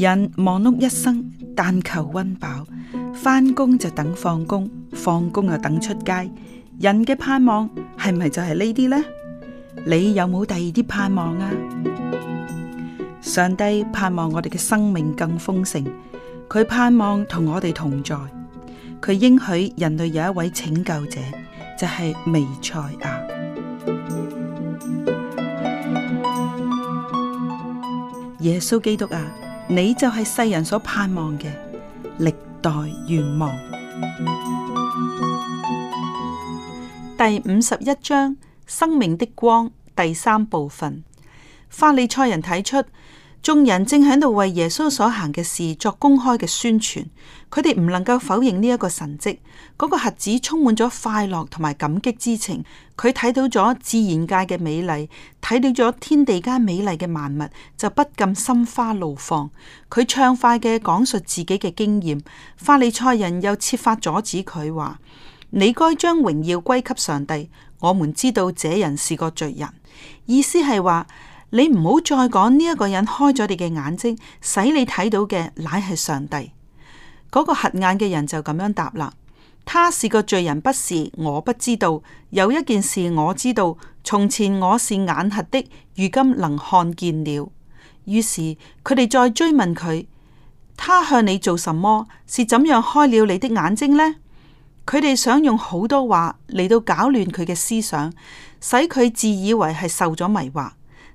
人忙碌一生，但求溫飽，返工就等放工，放工又等出街。人嘅盼望係咪就係呢啲呢？你有冇第二啲盼望啊？上帝盼望我哋嘅生命更豐盛，佢盼望同我哋同在，佢應許人類有一位拯救者，就係彌賽亞耶穌基督啊！你就係世人所盼望嘅歷代願望。第五十一章生命的光，第三部分，法利賽人睇出。眾人正喺度為耶穌所行嘅事作公開嘅宣傳，佢哋唔能夠否認呢一個神跡。嗰、那個孩子充滿咗快樂同埋感激之情，佢睇到咗自然界嘅美麗，睇到咗天地間美麗嘅萬物，就不禁心花怒放。佢暢快嘅講述自己嘅經驗，法利賽人又設法阻止佢話，你該將榮耀歸給上帝。我們知道這人是個罪人，意思係話。你唔好再講呢一個人開咗你嘅眼睛，使你睇到嘅乃係上帝嗰、那個核眼嘅人就咁樣答啦。他是個罪人，不是，我不知道。有一件事我知道，從前我是眼黑的，如今能看見了。於是佢哋再追問佢：他向你做什麼？是怎樣開了你的眼睛呢？佢哋想用好多話嚟到搞亂佢嘅思想，使佢自以為係受咗迷惑。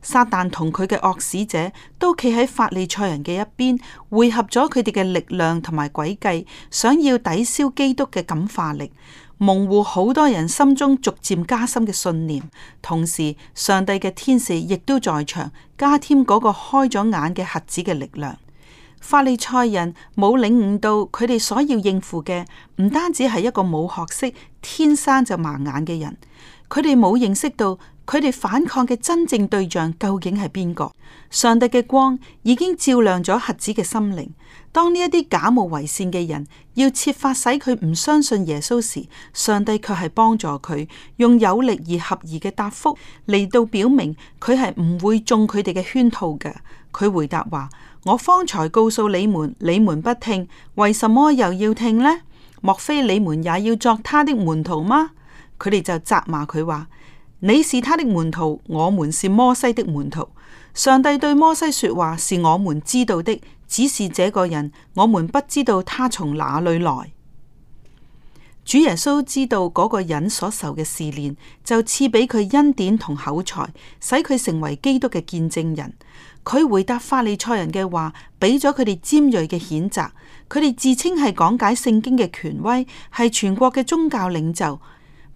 撒旦同佢嘅惡使者都企喺法利賽人嘅一邊，匯合咗佢哋嘅力量同埋詭計，想要抵消基督嘅感化力，模糊好多人心中逐漸加深嘅信念。同時，上帝嘅天使亦都在場，加添嗰個開咗眼嘅瞎子嘅力量。法利賽人冇領悟到佢哋所要應付嘅，唔單止係一個冇學識、天生就盲眼嘅人，佢哋冇認識到。佢哋反抗嘅真正對象究竟係邊個？上帝嘅光已經照亮咗瞎子嘅心靈。當呢一啲假冒為善嘅人要設法使佢唔相信耶穌時，上帝卻係幫助佢用有力而合宜嘅答覆嚟到表明佢係唔會中佢哋嘅圈套嘅。佢回答話：我方才告訴你們，你們不聽，為什麼又要聽呢？莫非你們也要作他的門徒嗎？佢哋就責罵佢話。你是他的門徒，我們是摩西的門徒。上帝對摩西說話是我們知道的，只是這個人我們不知道他從哪裏來。主耶穌知道嗰個人所受嘅試煉，就賜俾佢恩典同口才，使佢成為基督嘅見證人。佢回答法利賽人嘅話，俾咗佢哋尖銳嘅譴責。佢哋自稱係講解聖經嘅權威，係全國嘅宗教領袖。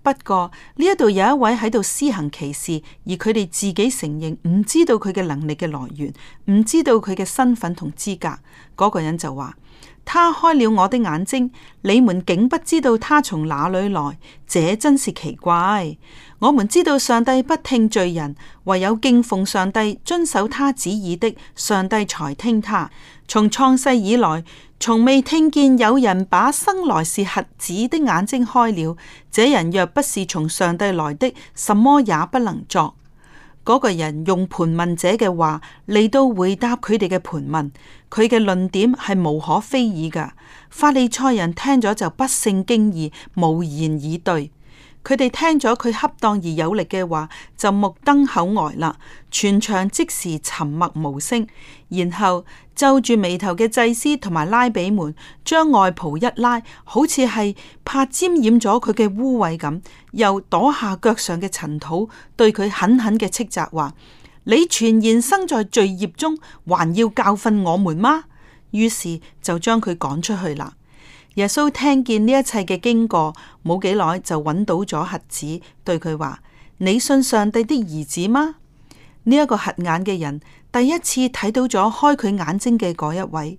不過呢一度有一位喺度施行奇事，而佢哋自己承認唔知道佢嘅能力嘅來源，唔知道佢嘅身份同資格。嗰、那個人就話：他開了我的眼睛，你們竟不知道他從哪裏來，這真是奇怪。我們知道上帝不聽罪人，唯有敬奉上帝、遵守他旨意的，上帝才聽他。從創世以來。從未聽見有人把生來是瞎子的眼睛開了。這人若不是從上帝來的，什麼也不能作。嗰、那個人用盤問者嘅話嚟到回答佢哋嘅盤問，佢嘅論點係無可非議噶。法利賽人聽咗就不勝驚異，無言以對。佢哋聽咗佢恰當而有力嘅話，就目瞪口呆啦。全場即時沉默無聲，然後。皺住眉頭嘅祭司同埋拉比們，將外袍一拉，好似係怕沾染咗佢嘅污穢咁，又躲下腳上嘅塵土，對佢狠狠嘅斥責：話你全然生在罪孽中，還要教訓我們嗎？於是就將佢趕出去啦。耶穌聽見呢一切嘅經過，冇幾耐就揾到咗瞎子，對佢話：你信上帝的兒子嗎？呢一、這個瞎眼嘅人。第一次睇到咗開佢眼睛嘅嗰一位，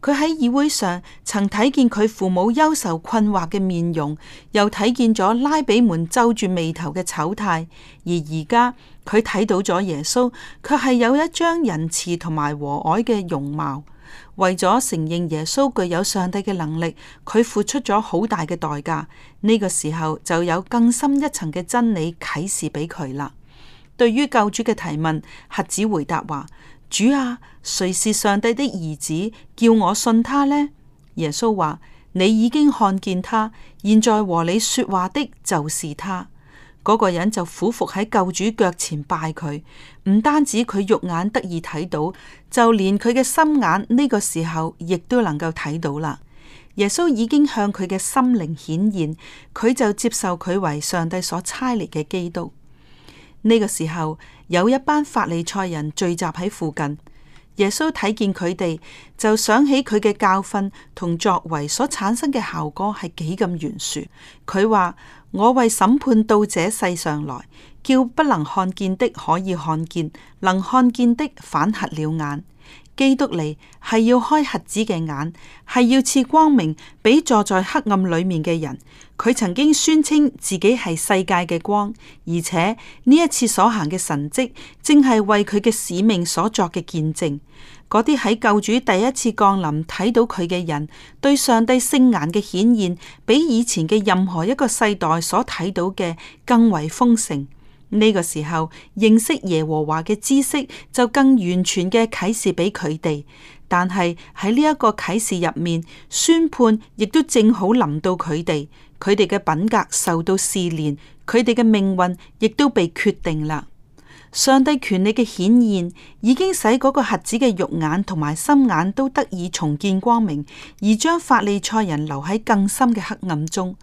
佢喺議會上曾睇見佢父母憂愁困惑嘅面容，又睇見咗拉比們皺住眉頭嘅醜態，而而家佢睇到咗耶穌，卻係有一張仁慈同埋和藹嘅容貌。為咗承認耶穌具有上帝嘅能力，佢付出咗好大嘅代價。呢個時候就有更深一層嘅真理啟示俾佢啦。對於救主嘅提問，瞎子回答話：主啊，誰是上帝的兒子？叫我信他呢？耶穌話：你已經看見他，現在和你說話的就是他。嗰、那個人就俯伏喺救主腳前拜佢。唔單止佢肉眼得以睇到，就連佢嘅心眼呢個時候亦都能夠睇到啦。耶穌已經向佢嘅心靈顯現，佢就接受佢為上帝所差嚟嘅基督。呢個時候有一班法利賽人聚集喺附近，耶穌睇見佢哋，就想起佢嘅教訓同作為所產生嘅效果係幾咁懸殊。佢話：我為審判到這世上來，叫不能看見的可以看見，能看見的反瞎了眼。基督嚟係要開瞎子嘅眼，係要賜光明俾坐在黑暗裏面嘅人。佢曾經宣稱自己係世界嘅光，而且呢一次所行嘅神蹟，正係為佢嘅使命所作嘅見證。嗰啲喺救主第一次降臨睇到佢嘅人，對上帝聖眼嘅顯現，比以前嘅任何一個世代所睇到嘅更為豐盛。呢個時候認識耶和華嘅知識就更完全嘅啟示畀佢哋，但係喺呢一個啟示入面，宣判亦都正好臨到佢哋，佢哋嘅品格受到試煉，佢哋嘅命運亦都被決定啦。上帝權力嘅顯現，已經使嗰個瞎子嘅肉眼同埋心眼都得以重見光明，而將法利賽人留喺更深嘅黑暗中。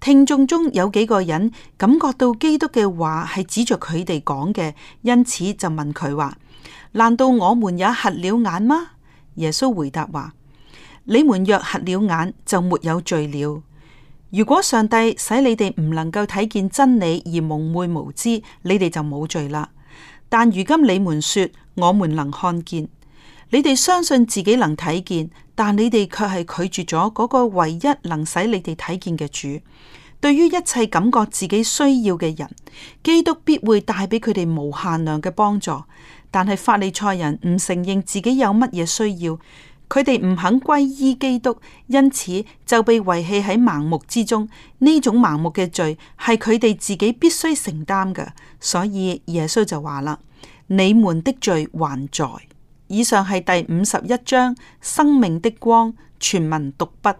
聽眾中有幾個人感覺到基督嘅話係指著佢哋講嘅，因此就問佢話：難道我們也瞎了眼嗎？耶穌回答話：你們若瞎了眼，就沒有罪了。如果上帝使你哋唔能夠睇見真理而蒙昧無知，你哋就冇罪啦。但如今你們說，我們能看見。你哋相信自己能睇見，但你哋卻係拒絕咗嗰個唯一能使你哋睇見嘅主。對於一切感覺自己需要嘅人，基督必會帶俾佢哋無限量嘅幫助。但係法利賽人唔承認自己有乜嘢需要。佢哋唔肯皈依基督，因此就被遺棄喺盲目之中。呢種盲目嘅罪係佢哋自己必須承擔嘅，所以耶穌就話啦：你們的罪還在。以上係第五十一章生命的光全文讀畢。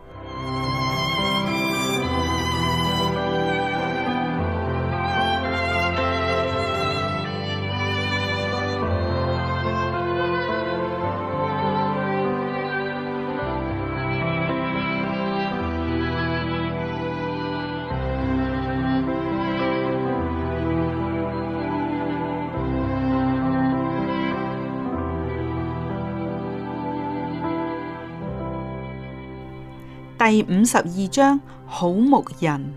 第五十二章好牧人。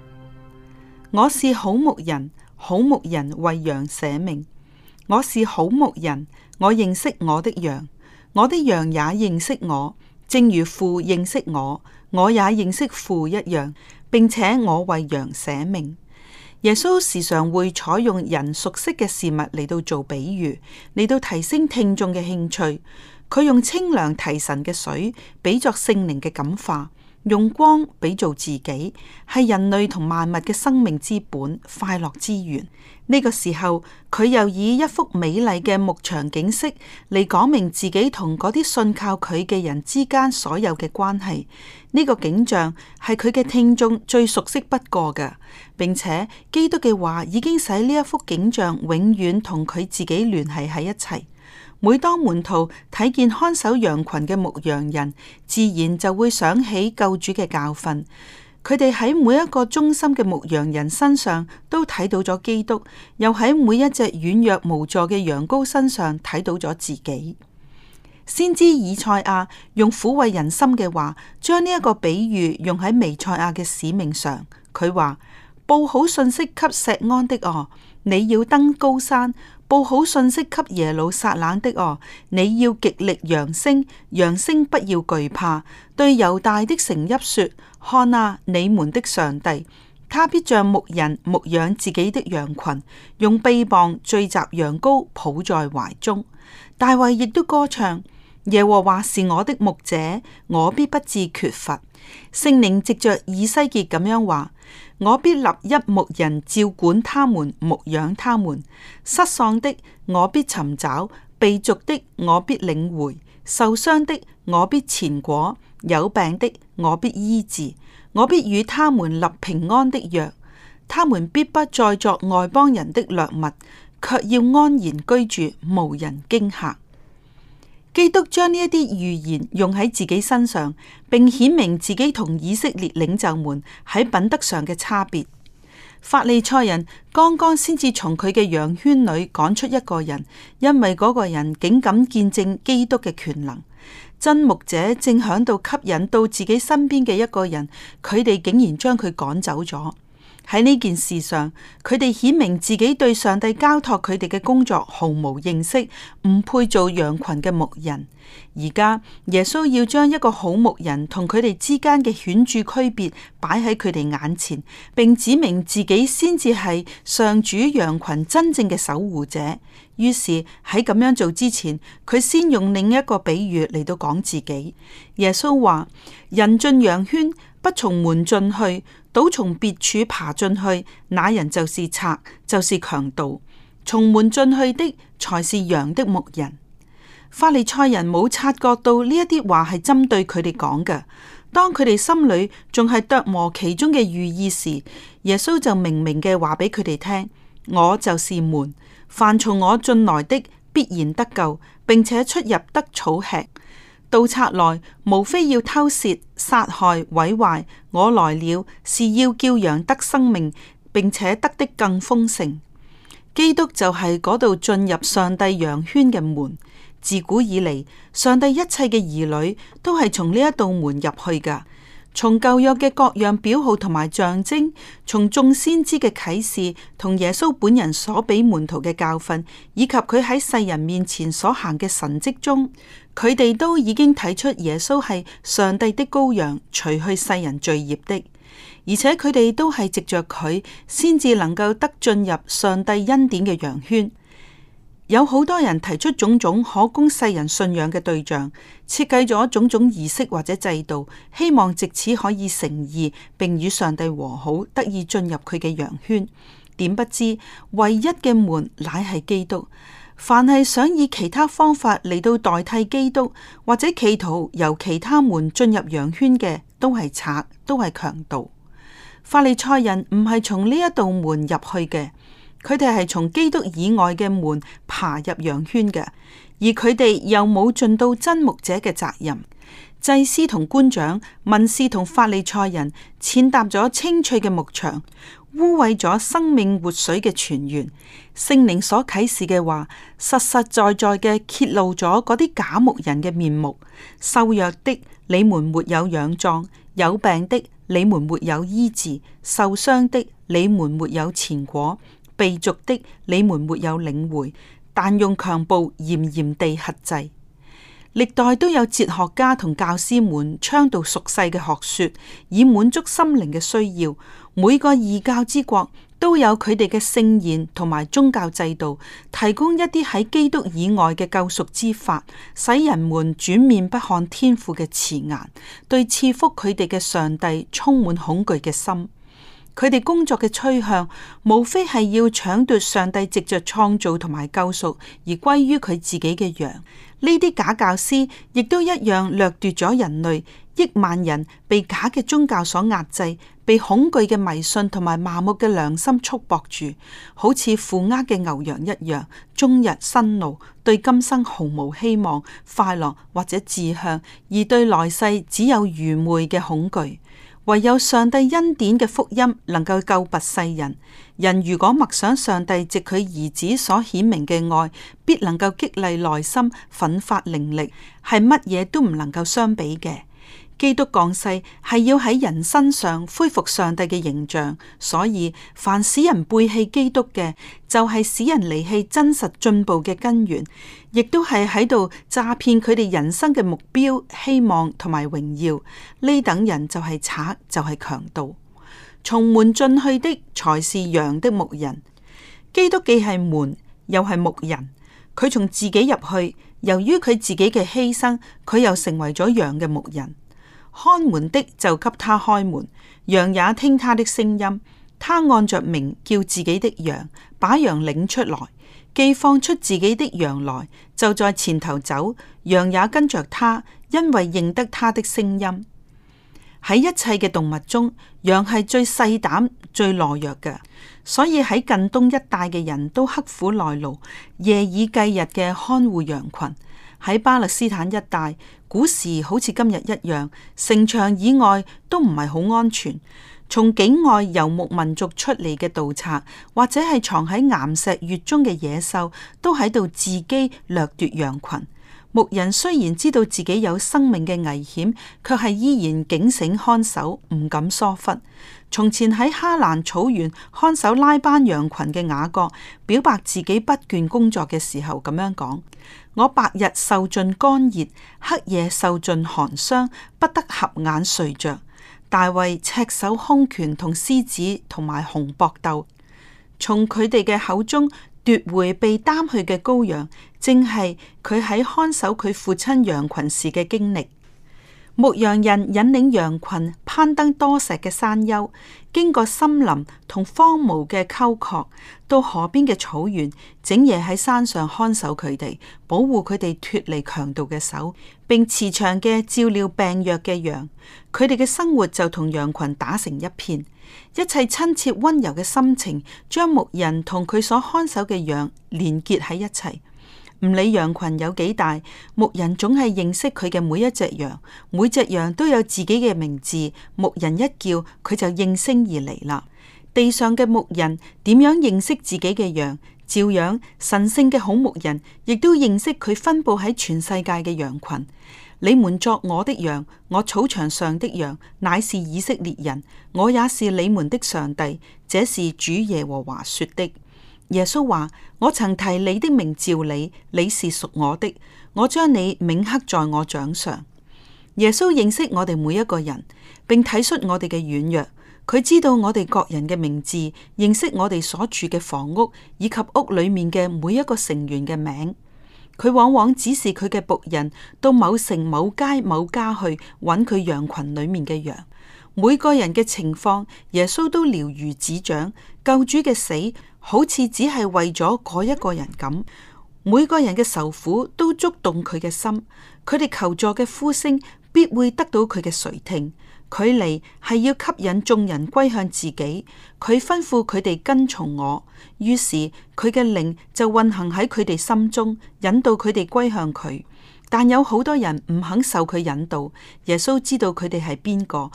我是好牧人，好牧人為羊捨命。我是好牧人，我認識我的羊，我的羊也認識我，正如父認識我，我也認識父一樣，並且我為羊捨命。耶穌時常會採用人熟悉嘅事物嚟到做比喻，嚟到提升聽眾嘅興趣。佢用清涼提神嘅水，比作聖靈嘅感化。用光比做自己，係人類同萬物嘅生命之本，快樂之源。呢個時候，佢又以一幅美麗嘅牧場景色嚟講明自己同嗰啲信靠佢嘅人之間所有嘅關係。呢個景象係佢嘅聽眾最熟悉不過嘅，並且基督嘅話已經使呢一幅景象永遠同佢自己聯繫喺一齊。每當門徒睇見看守羊群嘅牧羊人，自然就會想起救主嘅教訓。佢哋喺每一個忠心嘅牧羊人身上都睇到咗基督，又喺每一隻軟弱無助嘅羊羔身上睇到咗自己，先知以賽亞用撫慰人心嘅話，將呢一個比喻用喺彌賽亞嘅使命上。佢話：報好信息給錫安的哦、呃，你要登高山。報好信息給耶路撒冷的哦，你要極力揚聲，揚聲不要懼怕。對猶大的城邑說：看啊，你們的上帝，他必像牧人牧養自己的羊群，用臂膀聚集羊羔，抱在懷中。大衛亦都歌唱：耶和華是我的牧者，我必不致缺乏。聖靈藉着以西結咁樣話。我必立一牧人照管他們，牧養他們。失喪的我必尋找，被逐的我必領回，受傷的我必纏裹，有病的我必醫治。我必與他們立平安的約，他們必不再作外邦人的掠物，卻要安然居住，無人驚嚇。基督將呢一啲預言用喺自己身上，並顯明自己同以色列領袖們喺品德上嘅差別。法利賽人剛剛先至從佢嘅羊圈裏趕出一個人，因為嗰個人竟敢見證基督嘅權能。真牧者正響度吸引到自己身邊嘅一個人，佢哋竟然將佢趕走咗。喺呢件事上，佢哋顯明自己對上帝交託佢哋嘅工作毫無認識，唔配做羊群嘅牧人。而家耶穌要將一個好牧人同佢哋之間嘅顯著區別擺喺佢哋眼前，並指明自己先至係上主羊群真正嘅守護者。於是喺咁樣做之前，佢先用另一個比喻嚟到講自己。耶穌話：人進羊圈，不從門進去。倒從別處爬進去，那人就是賊，就是強盜；從門進去的，才是羊的牧人。法利賽人冇察覺到呢一啲話係針對佢哋講嘅。當佢哋心裏仲係琢磨其中嘅寓意時，耶穌就明明嘅話俾佢哋聽：我就是門，凡從我進來的必然得救，並且出入得草吃。盜賊來，無非要偷竊、殺害、毀壞。我來了，是要叫羊得生命，並且得的更豐盛。基督就係嗰度進入上帝羊圈嘅門。自古以嚟，上帝一切嘅兒女都係從呢一道門入去㗎。從舊約嘅各樣表號同埋象徵，從眾先知嘅啟示，同耶穌本人所俾門徒嘅教訓，以及佢喺世人面前所行嘅神蹟中，佢哋都已經睇出耶穌係上帝的羔羊，除去世人罪孽的，而且佢哋都係藉着佢先至能夠得進入上帝恩典嘅羊圈。有好多人提出種種可供世人信仰嘅對象，設計咗種種儀式或者制度，希望借此可以誠意，並與上帝和好，得以進入佢嘅羊圈。點不知，唯一嘅門乃係基督。凡係想以其他方法嚟到代替基督，或者企圖由其他門進入羊圈嘅，都係賊，都係強盜。法利賽人唔係從呢一道門入去嘅。佢哋係從基督以外嘅門爬入羊圈嘅，而佢哋又冇盡到真牧者嘅責任。祭司同官長、文士同法利賽人，踐踏咗青翠嘅牧場，污穢咗生命活水嘅泉源。聖靈所啟示嘅話，實實在在嘅揭露咗嗰啲假牧人嘅面目。瘦弱的你們沒有養壯，有病的你們沒有醫治，受傷的你們沒有前果。被逐的你們沒有領會，但用強暴嚴嚴地轄制。歷代都有哲學家同教師們倡導俗世嘅學說，以滿足心靈嘅需要。每個異教之國都有佢哋嘅聖賢同埋宗教制度，提供一啲喺基督以外嘅救贖之法，使人們轉面不看天父嘅慈顏，對賜福佢哋嘅上帝充滿恐懼嘅心。佢哋工作嘅趨向，無非係要搶奪上帝藉著創造同埋救贖而歸於佢自己嘅羊。呢啲假教師亦都一樣掠奪咗人類億萬人，被假嘅宗教所壓制，被恐懼嘅迷信同埋麻木嘅良心束縛住，好似負軛嘅牛羊一樣，終日辛勞，對今生毫無希望、快樂或者志向，而對來世只有愚昧嘅恐懼。唯有上帝恩典嘅福音能夠救拔世人。人如果默想上帝藉佢兒子所顯明嘅愛，必能夠激勵內心，奮發靈力，係乜嘢都唔能夠相比嘅。基督降世係要喺人身上恢復上帝嘅形象，所以凡使人背棄基督嘅，就係使人離棄真實進步嘅根源，亦都係喺度詐騙佢哋人生嘅目標、希望同埋榮耀。呢等人就係賊，就係強盜，從門進去的才是羊的牧人。基督既係門又係牧人，佢從自己入去，由於佢自己嘅犧牲，佢又成為咗羊嘅牧人。看門的就給他開門，羊也聽他的聲音。他按着名叫自己的羊，把羊領出來，既放出自己的羊來，就在前頭走，羊也跟着他，因為認得他的聲音。喺一切嘅動物中，羊係最細膽、最懦弱嘅，所以喺近東一帶嘅人都刻苦耐勞，夜以繼日嘅看護羊群。喺巴勒斯坦一帶，古時好似今日一樣，城牆以外都唔係好安全。從境外遊牧民族出嚟嘅盜賊，或者係藏喺岩石穴中嘅野獸，都喺度自己掠奪羊群。牧人雖然知道自己有生命嘅危險，卻係依然警醒看守，唔敢疏忽。從前喺哈蘭草原看守拉班羊群嘅雅各，表白自己不倦工作嘅時候，咁樣講。我白日受盡乾熱，黑夜受盡寒霜，不得合眼睡着。大衛赤手空拳同獅子同埋熊搏鬥，從佢哋嘅口中奪回被擔去嘅羔羊，正係佢喺看守佢父親羊群時嘅經歷。牧羊人引領羊群攀登多石嘅山丘，經過森林同荒蕪嘅溝壑，到河邊嘅草原，整夜喺山上看守佢哋，保護佢哋脫離強盜嘅手，並慈祥嘅照料病弱嘅羊。佢哋嘅生活就同羊群打成一片，一切親切溫柔嘅心情，將牧人同佢所看守嘅羊連結喺一齊。唔理羊群有幾大，牧人總係認識佢嘅每一隻羊，每隻羊都有自己嘅名字。牧人一叫，佢就應聲而嚟啦。地上嘅牧人點樣認識自己嘅羊？照樣神聖嘅好牧人亦都認識佢分佈喺全世界嘅羊群。你們作我的羊，我草場上的羊，乃是以色列人，我也是你們的上帝。這是主耶和華說的。耶穌話：我曾提你的名召你，你是屬我的，我將你銘刻在我掌上。耶穌認識我哋每一個人，並睇出我哋嘅軟弱，佢知道我哋各人嘅名字，認識我哋所住嘅房屋，以及屋裏面嘅每一個成員嘅名。佢往往指示佢嘅僕人到某城、某街、某家去揾佢羊群裏面嘅羊。每個人嘅情況，耶穌都了如指掌。救主嘅死好似只係為咗嗰一個人咁。每個人嘅愁苦都觸動佢嘅心，佢哋求助嘅呼聲必會得到佢嘅垂聽。佢嚟係要吸引眾人歸向自己，佢吩咐佢哋跟從我。於是佢嘅靈就運行喺佢哋心中，引導佢哋歸向佢。但有好多人唔肯受佢引導，耶穌知道佢哋係邊個。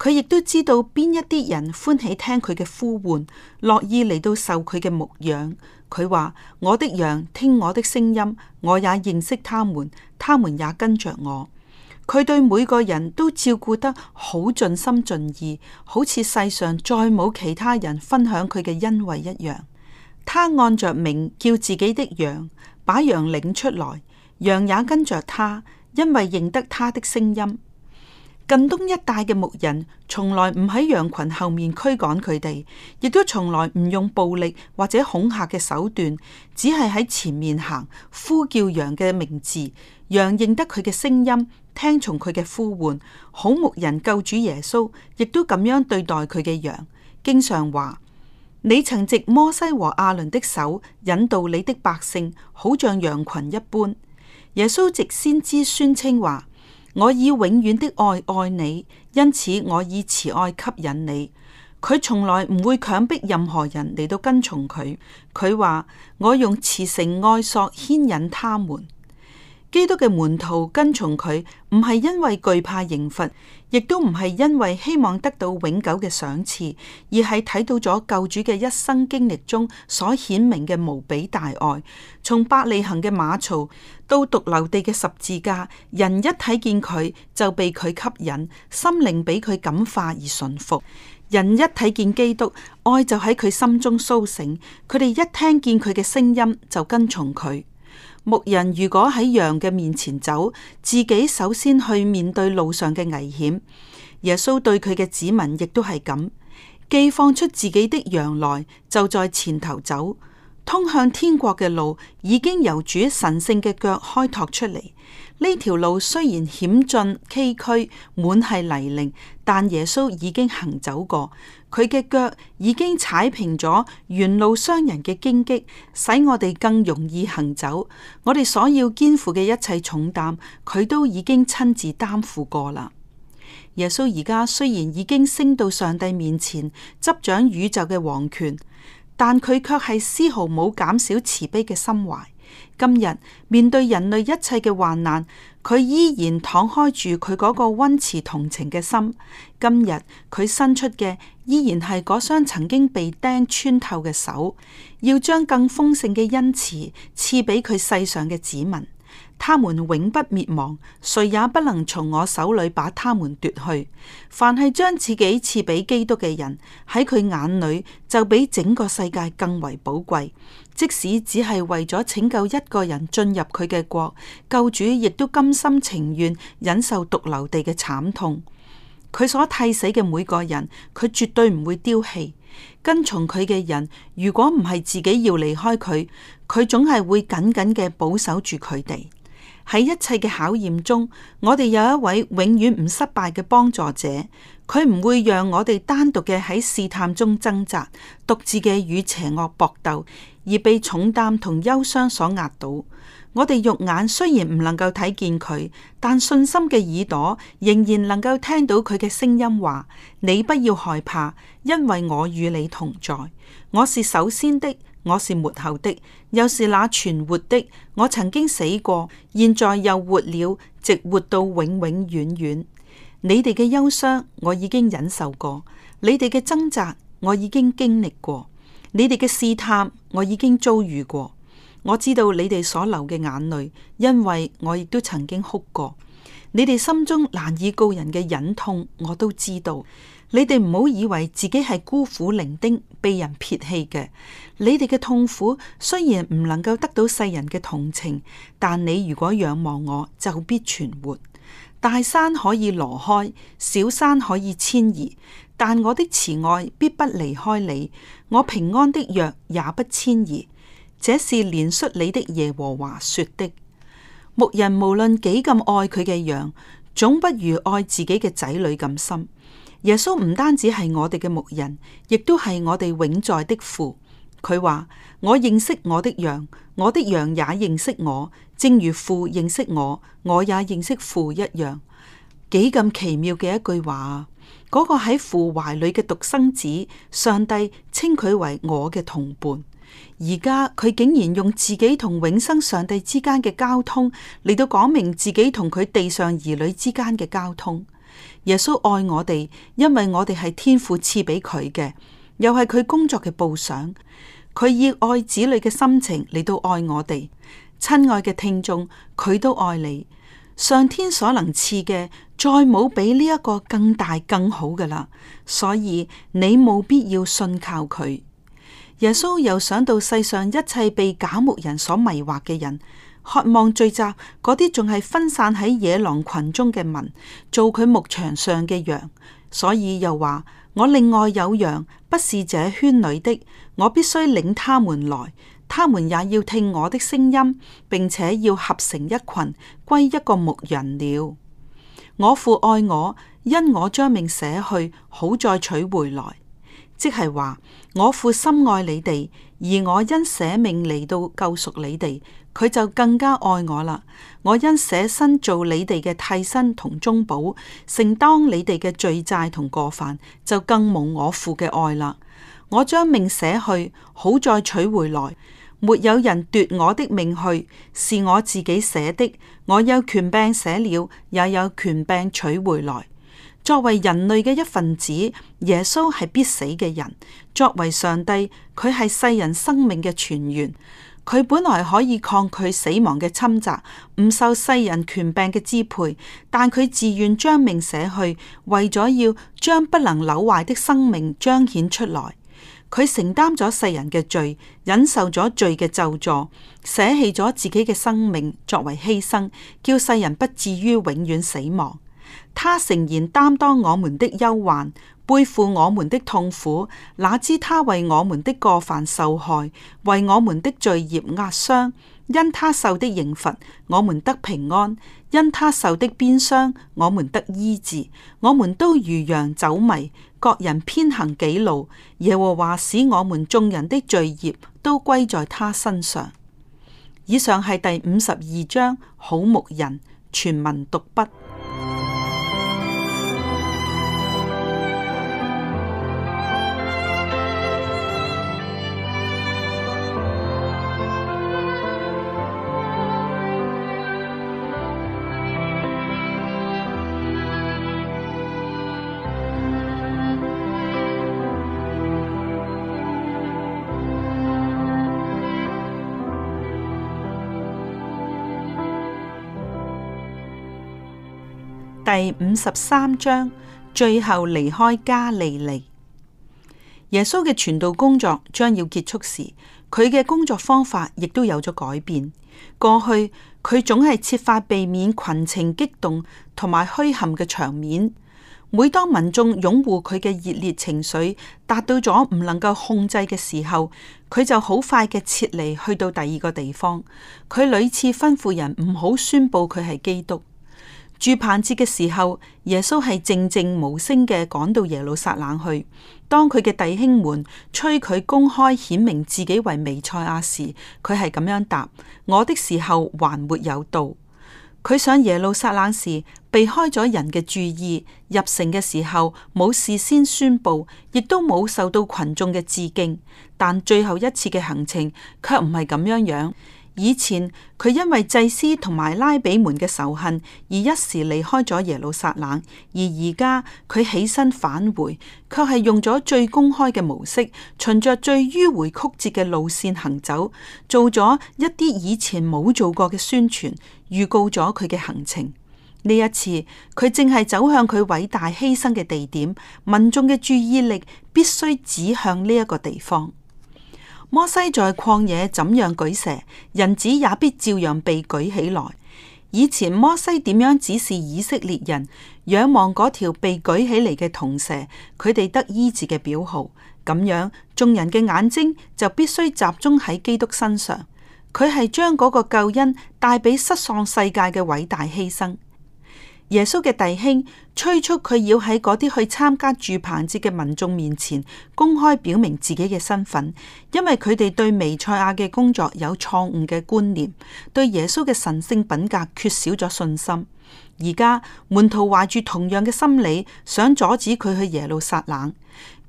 佢亦都知道邊一啲人歡喜聽佢嘅呼喚，樂意嚟到受佢嘅牧養。佢話：我的羊聽我的聲音，我也認識他們，他們也跟着我。佢對每個人都照顧得好盡心盡意，好似世上再冇其他人分享佢嘅恩惠一樣。他按着名叫自己的羊，把羊領出來，羊也跟着他，因為認得他的聲音。近東一帶嘅牧人從來唔喺羊群後面驅趕佢哋，亦都從來唔用暴力或者恐嚇嘅手段，只係喺前面行，呼叫羊嘅名字，羊認得佢嘅聲音，聽從佢嘅呼喚。好牧人救主耶穌亦都咁樣對待佢嘅羊，經常話：你曾藉摩西和亞倫的手引導你的百姓，好像羊群一般。耶穌藉先知宣稱話。我以永遠的愛愛你，因此我以慈愛吸引你。佢從來唔會強迫任何人嚟到跟從佢。佢話，我用慈繩愛索牽引他們。基督嘅門徒跟從佢，唔係因為懼怕刑罰，亦都唔係因為希望得到永久嘅賞賜，而係睇到咗救主嘅一生經歷中所顯明嘅無比大愛。從伯利恆嘅馬槽到髑髏地嘅十字架，人一睇見佢就被佢吸引，心靈俾佢感化而順服。人一睇見基督，愛就喺佢心中蘇醒。佢哋一聽見佢嘅聲音，就跟從佢。牧人如果喺羊嘅面前走，自己首先去面對路上嘅危險。耶穌對佢嘅子民亦都係咁，既放出自己的羊來，就在前頭走，通向天國嘅路已經由主神聖嘅腳開拓出嚟。呢條路雖然險峻崎嶇，滿係泥濘，但耶穌已經行走過，佢嘅腳已經踩平咗沿路傷人嘅荊棘，使我哋更容易行走。我哋所要肩負嘅一切重擔，佢都已經親自擔負過啦。耶穌而家雖然已經升到上帝面前執掌宇宙嘅皇權，但佢却係絲毫冇減少慈悲嘅心懷。今日面對人類一切嘅患難，佢依然敞開住佢嗰個溫慈同情嘅心。今日佢伸出嘅依然係嗰雙曾經被釘穿透嘅手，要將更豐盛嘅恩慈賜俾佢世上嘅子民。他們永不滅亡，誰也不能從我手裏把他們奪去。凡係將自己賜俾基督嘅人，喺佢眼裏就比整個世界更為寶貴。即使只係為咗拯救一個人進入佢嘅國，救主亦都甘心情願忍受髑髏地嘅慘痛。佢所替死嘅每個人，佢絕對唔會丟棄。跟從佢嘅人，如果唔係自己要離開佢，佢總係會緊緊嘅保守住佢哋。喺一切嘅考驗中，我哋有一位永遠唔失敗嘅幫助者。佢唔會讓我哋單獨嘅喺試探中掙扎，獨自嘅與邪惡搏鬥，而被重擔同憂傷所壓倒。我哋肉眼雖然唔能夠睇見佢，但信心嘅耳朵仍然能夠聽到佢嘅聲音話：你不要害怕，因為我與你同在。我是首先的，我是末後的，又是那存活的。我曾經死過，現在又活了，直活到永永遠遠遠。你哋嘅憂傷我已經忍受過，你哋嘅掙扎我已經經歷過，你哋嘅試探我已經遭遇過。我知道你哋所流嘅眼淚，因為我亦都曾經哭過。你哋心中難以告人嘅忍痛，我都知道。你哋唔好以為自己係孤苦伶仃、被人撇棄嘅。你哋嘅痛苦雖然唔能夠得到世人嘅同情，但你如果仰望我，就必存活。大山可以挪開，小山可以遷移，但我的慈愛必不離開你，我平安的約也不遷移。這是憐恤你的耶和華說的。牧人無論幾咁愛佢嘅羊，總不如愛自己嘅仔女咁深。耶穌唔單止係我哋嘅牧人，亦都係我哋永在的父。佢話。我認識我的羊，我的羊也認識我，正如父認識我，我也認識父一樣。幾咁奇妙嘅一句話啊！嗰個喺父懷裏嘅獨生子，上帝稱佢為我嘅同伴。而家佢竟然用自己同永生上帝之間嘅交通嚟到講明自己同佢地上兒女之間嘅交通。耶穌愛我哋，因為我哋係天父賜俾佢嘅，又係佢工作嘅報賞。佢以愛子女嘅心情嚟到愛我哋，親愛嘅聽眾，佢都愛你。上天所能賜嘅，再冇比呢一個更大更好嘅啦。所以你冇必要信靠佢。耶穌又想到世上一切被假牧人所迷惑嘅人，渴望聚集嗰啲仲係分散喺野狼群中嘅民，做佢牧場上嘅羊。所以又話：我另外有羊。不是這圈裏的，我必須領他們來，他們也要聽我的聲音，並且要合成一群，歸一個牧人了。我父愛我，因我將命捨去，好再取回來。即係話，我父深愛你哋，而我因捨命嚟到救贖你哋，佢就更加愛我啦。我因捨身做你哋嘅替身同中保，承當你哋嘅罪債同過犯，就更冇我父嘅愛啦。我將命捨去，好再取回來，沒有人奪我的命去，是我自己捨的。我有權柄捨了，也有權柄取回來。作為人類嘅一份子，耶穌係必死嘅人。作為上帝，佢係世人生命嘅泉源。佢本來可以抗拒死亡嘅侵襲，唔受世人權柄嘅支配，但佢自願將命捨去，為咗要將不能朽壞的生命彰顯出來。佢承擔咗世人嘅罪，忍受咗罪嘅咒詛，捨棄咗自己嘅生命作為犧牲，叫世人不至於永遠死亡。他誠然擔當我們的憂患，背負我們的痛苦，哪知他為我們的過犯受害，為我們的罪孽壓傷。因他受的刑罰，我們得平安；因他受的鞭傷，我們得醫治。我們都如羊走迷，各人偏行己路。耶和華使我們眾人的罪孽都歸在他身上。以上係第五十二章好牧人全文讀畢。第五十三章最後離開加利利。耶穌嘅傳道工作將要結束時，佢嘅工作方法亦都有咗改變。過去佢總係設法避免群情激動同埋虛撼嘅場面。每當民眾擁護佢嘅熱烈情緒達到咗唔能夠控制嘅時候，佢就好快嘅撤離去到第二個地方。佢屢次吩咐人唔好宣布佢係基督。住叛節嘅時候，耶穌係靜靜無聲嘅趕到耶路撒冷去。當佢嘅弟兄們催佢公開顯明自己為彌賽亞時，佢係咁樣答：我的時候還沒有到。佢上耶路撒冷時避開咗人嘅注意，入城嘅時候冇事先宣布，亦都冇受到群眾嘅致敬。但最後一次嘅行程卻唔係咁樣樣。以前佢因為祭司同埋拉比們嘅仇恨而一時離開咗耶路撒冷，而而家佢起身返回，卻係用咗最公開嘅模式，循着最迂回曲折嘅路綫行走，做咗一啲以前冇做過嘅宣傳，預告咗佢嘅行程。呢一次佢正係走向佢偉大犧牲嘅地點，民眾嘅注意力必須指向呢一個地方。摩西在曠野怎樣舉蛇，人子也必照樣被舉起來。以前摩西點樣指示以色列人仰望嗰條被舉起嚟嘅銅蛇，佢哋得醫治嘅表號。咁樣眾人嘅眼睛就必須集中喺基督身上，佢係將嗰個救恩帶俾失喪世界嘅偉大犧牲。耶穌嘅弟兄催促佢要喺嗰啲去參加住棚節嘅民眾面前公開表明自己嘅身份，因為佢哋對彌賽亞嘅工作有錯誤嘅觀念，對耶穌嘅神聖品格缺少咗信心。而家門徒懷住同樣嘅心理，想阻止佢去耶路撒冷。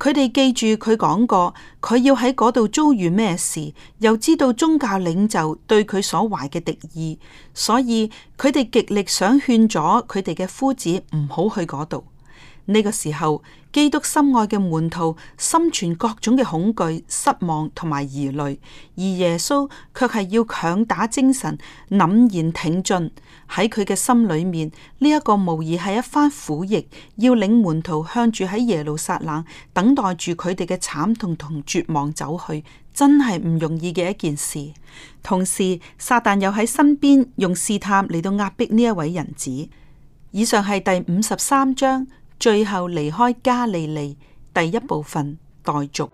佢哋記住佢講過，佢要喺嗰度遭遇咩事，又知道宗教領袖對佢所懷嘅敵意，所以佢哋極力想勸阻佢哋嘅夫子唔好去嗰度。呢、這個時候。基督心愛嘅門徒心存各種嘅恐懼、失望同埋疑慮，而耶穌卻係要強打精神、毅然挺進喺佢嘅心裏面。呢、這、一個無疑係一番苦役，要領門徒向住喺耶路撒冷等待住佢哋嘅慘痛同絕望走去，真係唔容易嘅一件事。同時，撒旦又喺身邊用試探嚟到壓迫呢一位人子。以上係第五十三章。最後離開加利利，第一部分待續。